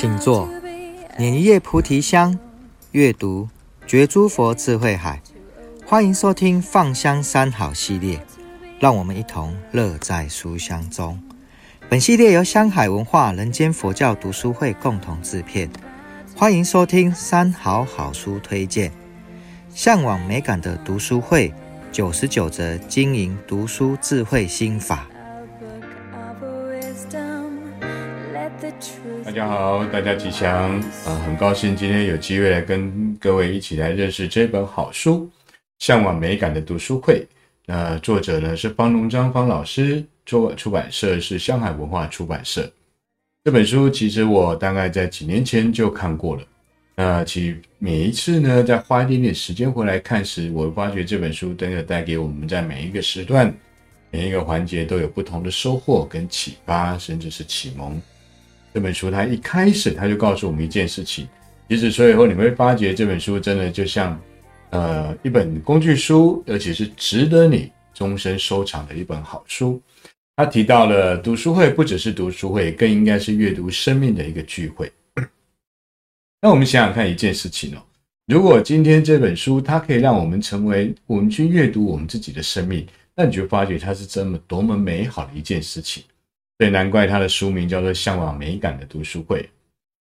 請坐。蓮葉菩提香，閱讀覺諸佛智慧海。歡迎收聽放香三好系列，讓我們一同樂在書香中。本系列由香海文化人間佛教讀書會共同制片。歡迎收聽三好好書推薦，向往美感的讀書會九十九則經營讀書智慧心法。大家好，大家吉祥啊、呃！很高興今天有機會來跟各位一起來認識這本好書《嚮往美感的讀書會》呃。那作者呢是方龍章方老師，出出版社是香海文化出版社。這本書其實我大概在幾年前就看過了。那、呃、其每一次呢，在花一點點時間回來看時，我會發覺這本書真的帶給我們在每一個時段、每一個環節都有不同的收穫跟啟發，甚至是啟蒙。這本書，他一開始他就告訴我們一件事情，其實，所以說你會發覺這本書真的就像，呃，一本工具書，而且是值得你終身收藏的一本好書。他提到了讀書會不只是讀書會，更應該是閱讀生命的一個聚會。那我們想想看一件事情哦，如果今天這本書它可以讓我們成為我們去閱讀我們自己的生命，那你就發覺它是這麼多麼美好的一件事情。所以難怪他的書名叫做《嚮往美感的讀書會》。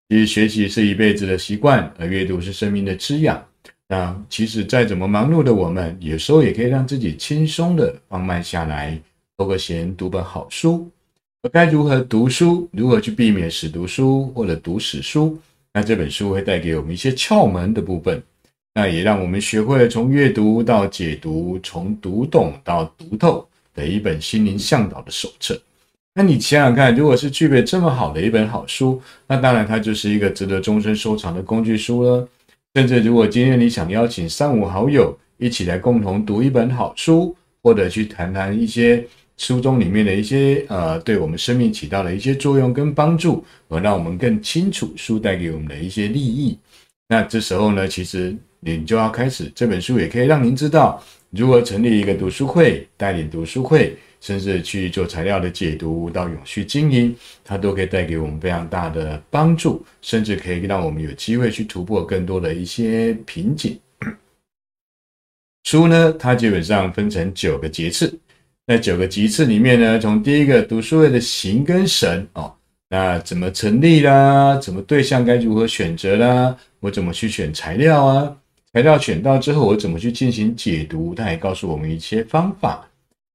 其實學習是一輩子的習慣，而閱讀是生命的滋養。那其實再怎麼忙碌的我們，有時候也可以讓自己輕鬆的放慢下來，偷個閒讀本好書。我該如何讀書，如何去避免死讀書或者讀死書？那這本書會帶給我們一些竅門的部分。那也讓我們學會了從閱讀到解讀，從讀懂到讀透的一本心靈嚮導的手冊。那你想想看，如果是具備這麼好的一本好書，那當然它就是一個值得終身收藏的工具書了。甚至如果今天你想邀請三五好友一起來共同讀一本好書，或者去談談一些書中裡面的一些呃，對我們生命起到的一些作用跟幫助，而讓我們更清楚書帶給我們的一些利益，那這時候呢，其實你就要開始這本書也可以讓您知道。如何成立一個讀書會，帶領讀書會，甚至去做材料的解讀到永續經營，它都可以帶給我們非常大的幫助，甚至可以讓我們有機會去突破更多的一些瓶頸。書呢，它基本上分成九個節次，那九個節次裡面呢，從第一個讀書會的形跟神哦，那怎麼成立啦？怎麼對象該如何選擇啦？我怎麼去選材料啊？材料選到之後，我怎麼去進行解讀？他也告訴我們一些方法。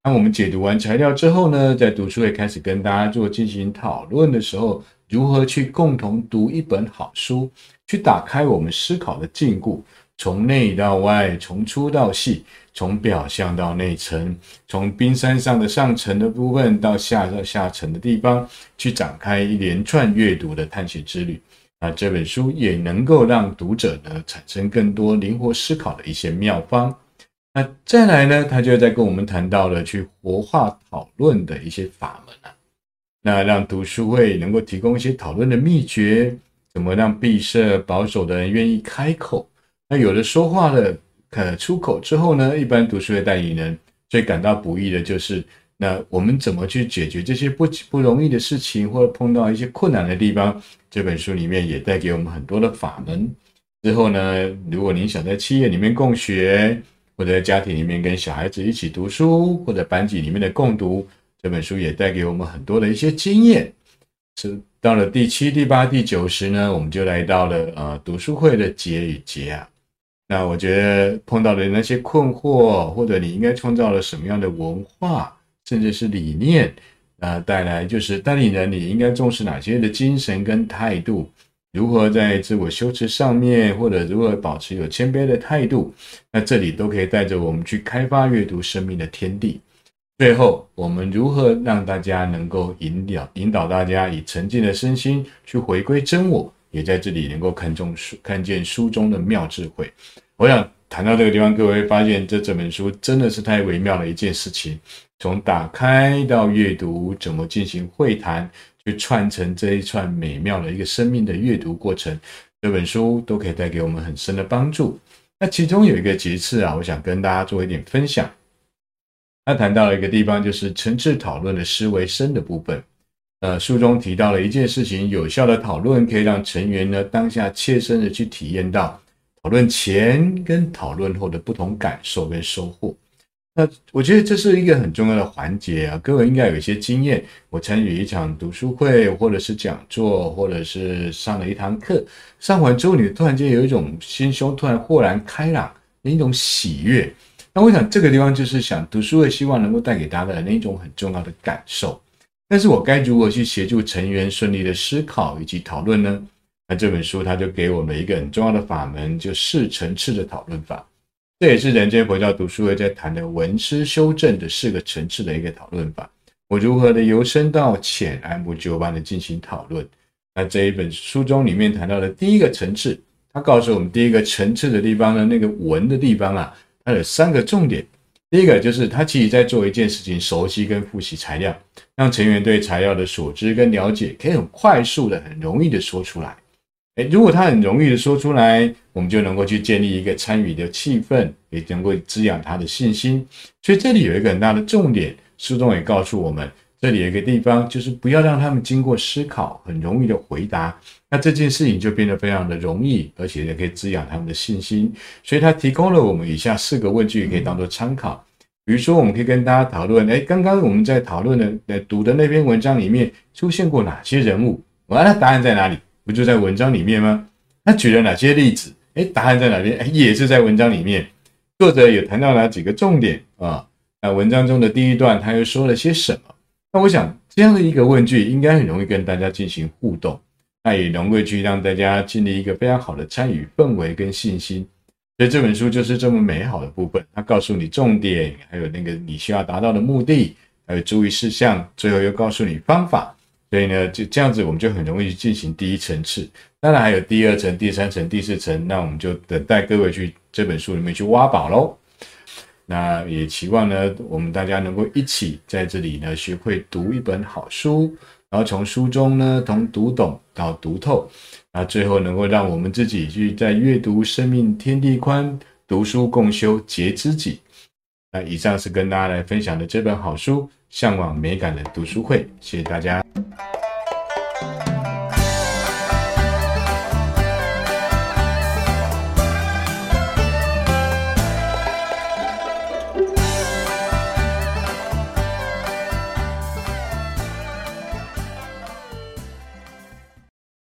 當我們解讀完材料之後呢，在讀書會開始跟大家做進行討論的時候，如何去共同讀一本好書，去打開我們思考的禁錮？從內到外，從粗到細，從表象到內層，從冰山上的上層的部分到下到下層的地方，去展開一連串閱讀的探險之旅。那這本書也能夠讓讀者呢產生更多靈活思考的一些妙方。那再來呢，他就在跟我們談到了去活化討論的一些法門。那讓讀書會能夠提供一些討論的秘訣，怎麼讓閉塞保守的人願意開口？那有了說話的呃出口之後呢，一般讀書會代理人最感到不易的就是。那我們怎麼去解決這些不不容易的事情，或者碰到一些困難的地方？這本書裡面也帶給我們很多的法門。之後呢，如果您想在企業裡面共學，或者在家庭裡面跟小孩子一起讀書，或者班級裡面的共讀，這本書也帶給我們很多的一些經驗。是到了第七、第八、第九時呢，我們就來到了呃讀書會的結與結啊。那我覺得碰到的那些困惑，或者你應該創造了什麼樣的文化？甚至是理念，啊、呃，帶來就是帶領人，你應該重視哪些的精神跟態度？如何在自我修持上面，或者如何保持有謙卑的態度？那這裡都可以帶着我們去開發閱讀生命的天地。最後，我們如何讓大家能夠引導引導大家以沉靜的身心去回歸真我，也在這裡能夠看中書，看見書中的妙智慧。我想。談到這個地方，各位會發現這整本書真的是太微妙了一件事情。從打開到閱讀，怎麼進行會談，去串成這一串美妙的一個生命的閱讀過程。這本書都可以帶給我們很深的幫助。那其中有一個節次啊，我想跟大家做一點分享。他談到了一個地方，就是層次討論的思維深的部分。呃，書中提到了一件事情：有效的討論可以讓成員呢當下切身的去體驗到。討論前跟討論後的不同感受跟收穫，那我覺得這是一個很重要的環節啊。各位應該有一些經驗，我參與一場讀書會，或者是講座，或者是上了一堂課，上完之後你突然間有一種心胸突然豁然開朗，那一種喜悅。那我想這個地方就是想讀書會希望能夠帶給大家的那一種很重要的感受。但是我該如何去協助成員順利的思考以及討論呢？那這本書他就給我們一個很重要的法門，就是四層次的討論法。這也是人間佛教讀書會在談的聞思修證的四個層次的一個討論法。我如何的由深到淺、按部就班的進行討論？那這一本書中裡面談到的第一個層次，他告訴我們第一個層次的地方呢，那個聞的地方啊，它有三個重點。第一個就是他其實在做一件事情：熟悉跟複習材料，讓成員對材料的所知跟了解可以很快速的、很容易的說出來。哎，如果他很容易的說出來，我們就能夠去建立一個參與的氣氛，也能夠滋養他的信心。所以這裡有一個很大的重點，書中也告訴我們，這裡有一個地方，就是不要讓他們經過思考，很容易的回答，那這件事情就變得非常的容易，而且也可以滋養他們的信心。所以他提供了我們以下四個問句，也可以當作參考。比如說，我們可以跟大家討論，哎，剛剛我們在討論的、呃，讀的那篇文章裡面出現過哪些人物？我要他答案在哪裡？不就在文章裡面嗎？他舉了哪些例子？哎，答案在哪邊？哎，也是在文章裡面。作者也談到哪幾個重點啊？那文章中的第一段他又說了些什麼？那我想這樣的一個問句應該很容易跟大家進行互動，那也能夠去讓大家建立一個非常好的參與氛圍跟信心。所以這本書就是這麼美好的部分，它告訴你重點，還有那個你需要達到的目的，還有注意事項，最後又告訴你方法。所以呢，就這樣子，我們就很容易進行第一層次。當然還有第二層、第三層、第四層，那我們就等待各位去這本書裡面去挖寶嘍。那也期望呢，我們大家能夠一起在這裡呢，學會讀一本好書，然後從書中呢，從讀懂到讀透，那最後能夠讓我們自己去在閱讀生命天地寬，讀書共修，結知己。那以上是跟大家來分享的這本好書《嚮往美感的讀書會》，謝謝大家。